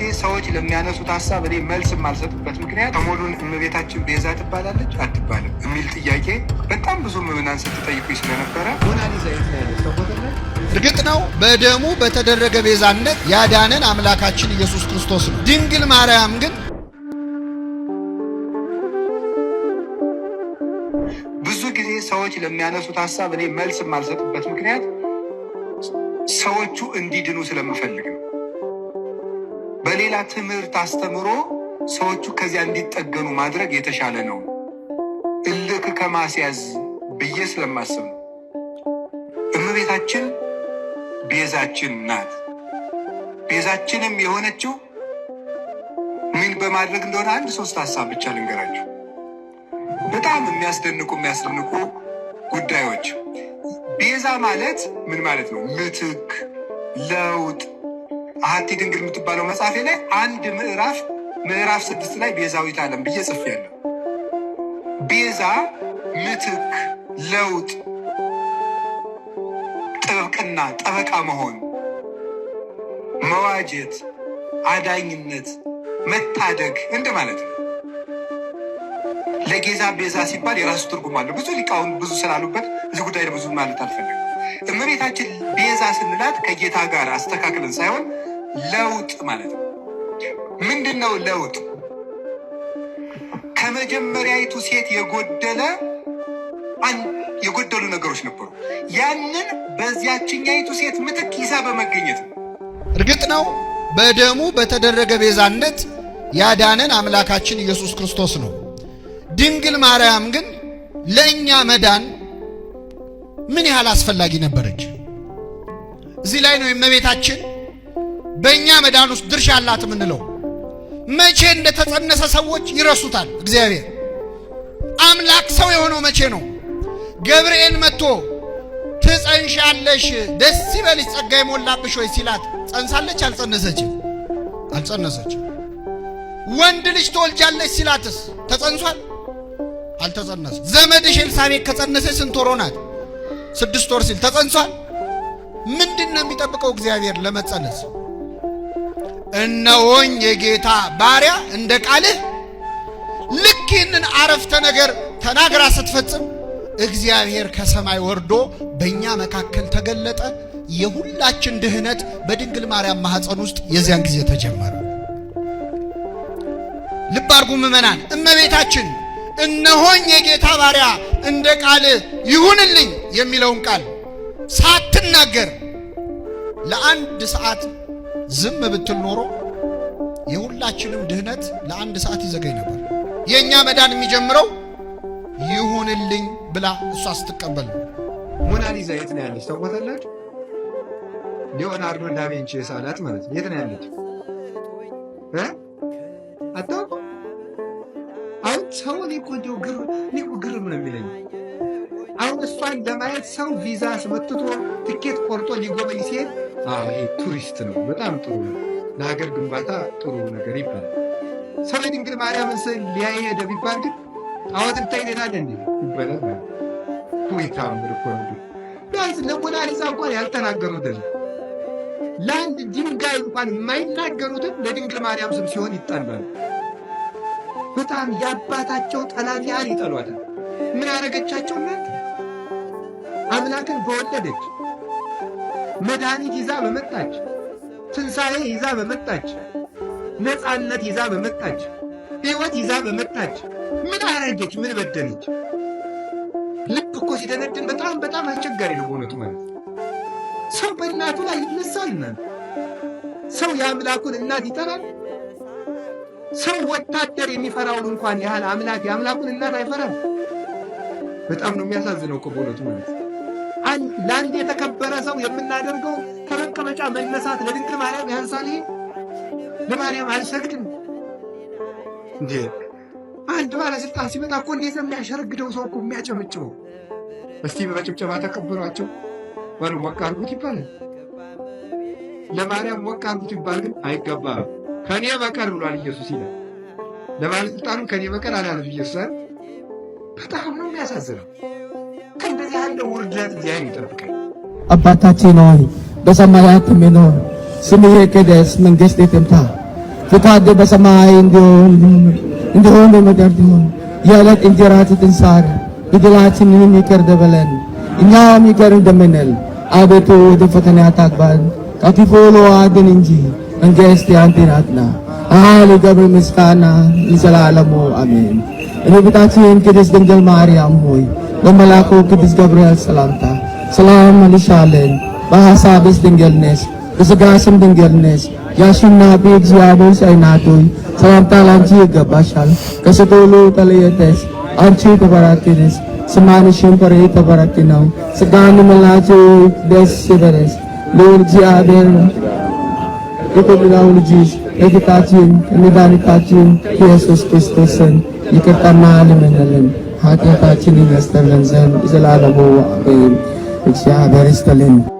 ጊዜ ሰዎች ለሚያነሱት ሀሳብ እኔ መልስ የማልሰጥበት ምክንያት ሰሞኑን እመቤታችን ቤዛ ትባላለች አትባልም የሚል ጥያቄ በጣም ብዙ ምዕመናን ስትጠይቁኝ ስለነበረ ነው እርግጥ ነው በደሙ በተደረገ ቤዛነት ያዳነን አምላካችን ኢየሱስ ክርስቶስ ነው። ድንግል ማርያም ግን ብዙ ጊዜ ሰዎች ለሚያነሱት ሀሳብ እኔ መልስ የማልሰጥበት ምክንያት ሰዎቹ እንዲድኑ ስለምፈልግ በሌላ ትምህርት አስተምሮ ሰዎቹ ከዚያ እንዲጠገኑ ማድረግ የተሻለ ነው። እልክ ከማስያዝ ብዬ ስለማስብ ነው። እመቤታችን ቤዛችን ናት። ቤዛችንም የሆነችው ምን በማድረግ እንደሆነ አንድ ሶስት ሀሳብ ብቻ ልንገራችሁ። በጣም የሚያስደንቁ የሚያስደንቁ ጉዳዮች። ቤዛ ማለት ምን ማለት ነው? ምትክ፣ ለውጥ አሐቲ ድንግል የምትባለው መጽሐፌ ላይ አንድ ምዕራፍ ምዕራፍ ስድስት ላይ ቤዛዊት ዓለም ብዬ ጽፌያለሁ። ቤዛ ምትክ፣ ለውጥ፣ ጥብቅና፣ ጠበቃ መሆን፣ መዋጀት፣ አዳኝነት፣ መታደግ እንደ ማለት ነው። ለጌዛ ቤዛ ሲባል የራሱ ትርጉም አለው። ብዙ ሊቃውንት ብዙ ስላሉበት እዚህ ጉዳይ ብዙ ማለት አልፈልግም። እመቤታችን ቤዛ ስንላት ከጌታ ጋር አስተካክለን ሳይሆን ለውጥ ማለት ነው። ምንድን ነው ለውጥ? ከመጀመሪያይቱ ሴት የጎደለ የጎደሉ ነገሮች ነበሩ። ያንን በዚያችኛይቱ ሴት ምትክ ይዛ በመገኘት ነው። እርግጥ ነው በደሙ በተደረገ ቤዛነት ያዳነን አምላካችን ኢየሱስ ክርስቶስ ነው። ድንግል ማርያም ግን ለእኛ መዳን ምን ያህል አስፈላጊ ነበረች? እዚህ ላይ ነው የእመቤታችን በእኛ መዳን ውስጥ ድርሻ አላት የምንለው መቼ እንደተጸነሰ ሰዎች ይረሱታል። እግዚአብሔር አምላክ ሰው የሆነው መቼ ነው? ገብርኤል መጥቶ ትጸንሻለሽ፣ ደስ ይበልሽ፣ ጸጋ የሞላብሽ ወይ ሲላት ጸንሳለች? አልጸነሰችም? አልጸነሰችም። ወንድ ልጅ ትወልጃለች ሲላትስ ተጸንሷል? አልተጸነሰ? ዘመድሽ ኤልሳቤጥ ከጸነሰች ስንት ወሮ ናት ስድስት ወር ሲል ተጸንሷል። ምንድን ነው የሚጠብቀው እግዚአብሔር ለመጸነስ? እነሆኝ የጌታ ባሪያ እንደ ቃልህ። ልክ ይህንን አረፍተ ነገር ተናግራ ስትፈጽም እግዚአብሔር ከሰማይ ወርዶ በእኛ መካከል ተገለጠ። የሁላችን ድህነት በድንግል ማርያም ማኅፀን ውስጥ የዚያን ጊዜ ተጀመረ። ልብ አድርጉ ምእመናን። እመቤታችን እነሆኝ የጌታ ባሪያ እንደ ቃልህ ይሁንልኝ የሚለውን ቃል ሳትናገር ለአንድ ሰዓት ዝም ብትል ኖሮ የሁላችንም ድህነት ለአንድ ሰዓት ይዘገይ ነበር። የእኛ መዳን የሚጀምረው ይሁንልኝ ብላ እሷ ስትቀበል ነው። ሞናሊዛ የት ነው ያለች ታውቋታላችሁ? ሊዮናርዶ ዳቬንቺ የሳላት ማለት ነው። የት ነው ያለች አታውቁም? አሁን ሰው ሊቆጆ ግር ግርም ነው የሚለኝ አሁን እሷን ለማየት ሰው ቪዛ አስመትቶ ትኬት ቆርጦ ሊጎበኝ ሲሄድ ቱሪስት ነው፣ በጣም ጥሩ ነው፣ ለሀገር ግንባታ ጥሩ ነገር ይባላል። ሰው ድንግል ማርያም ስዕል ሊያይ ሄደ ቢባል ግን ጣዖት ልታይ ሌላለ እንዴ ይባላል። ታምር እኮ ቢያንስ ለሞናሊዛ እንኳን ያልተናገሩትን ለአንድ ድንጋይ እንኳን የማይናገሩትን ለድንግል ማርያም ስም ሲሆን ይጠላል። በጣም የአባታቸው ጠላት ያህል ይጠሏታል። ምን ያደረገቻቸው እናት አምላክን በወለደች መድኃኒት ይዛ በመጣች ትንሣኤ ይዛ በመጣች ነፃነት ይዛ በመጣች ሕይወት ይዛ በመጣች ምን አረጀች? ምን በደለች? ልብ እኮ ሲደነድን በጣም በጣም አስቸጋሪ ነው በእውነቱ ማለት ሰው በእናቱ ላይ ይነሳል ሰው የአምላኩን እናት ይጠራል። ሰው ወታደር የሚፈራውን እንኳን ያህል አምላክ የአምላኩን እናት አይፈራም። በጣም ነው የሚያሳዝነው እኮ በእውነቱ ማለት ለአንድ የተከበረ ሰው የምናደርገው ከመቀመጫ መነሳት ለድንግል ማርያም ያንሳል። ለማርያም አልሰግድም እንዴ? አንድ ባለስልጣን ሲመጣ እኮ እንዴት ነው የሚያሸረግደው? ሰው እኮ የሚያጨመጭበው። እስቲ በጭብጨባ ተቀበሏቸው ወር ሞቅ አድርጉት ይባላል። ለማርያም ሞቅ አድርጉት ይባል፣ ግን አይገባም። ከእኔ በቀር ብሏል ኢየሱስ ይላል። ለባለስልጣኑ ከእኔ በቀር አላለም ኢየሱስ። በጣም ነው የሚያሳዝነው። ከእያንዳንዱ ውርደት አባታችን ሆይ በሰማያት የሚኖር ስምህ ይቀደስ፣ መንግሥትህ ትምጣ፣ ፈቃድህ በሰማይ እንዲሆን በምድር ይሁን። የዕለት እንጀራችንን ስጠን በደላችንን ይቅር በለን እኛም ይቅር እንደምንል፣ አቤቱ ወደ ፈተና አታግባን ከክፉ ሁሉ አድነን እንጂ መንግሥት ያንተ ናትና፣ ኃይል፣ ክብር፣ ምስጋና ለዘላለሙ አሜን። Inibitasin kidis Danggal Maria Amhoy, Lamalako kidis Gabriel Salanta, Salam Malishalen, Bahasabis Danggalnes, Isagasam Danggalnes, Yasin Nabi Exiabos ay natoy, Salamtalan Jiga Bashal, Kasatulo Talayates, Anchi Pabaratinis, Samanishim Parita Baratinaw, Sagani Malajo Des Siveres, Lord Jiader, Ito Bilawul Jesus, Editacim, Emidanitacim, Jesus Christusen, ikatamalimendalen, hatiyatacim, Nestalenzem, izalalabo, very Beristalin.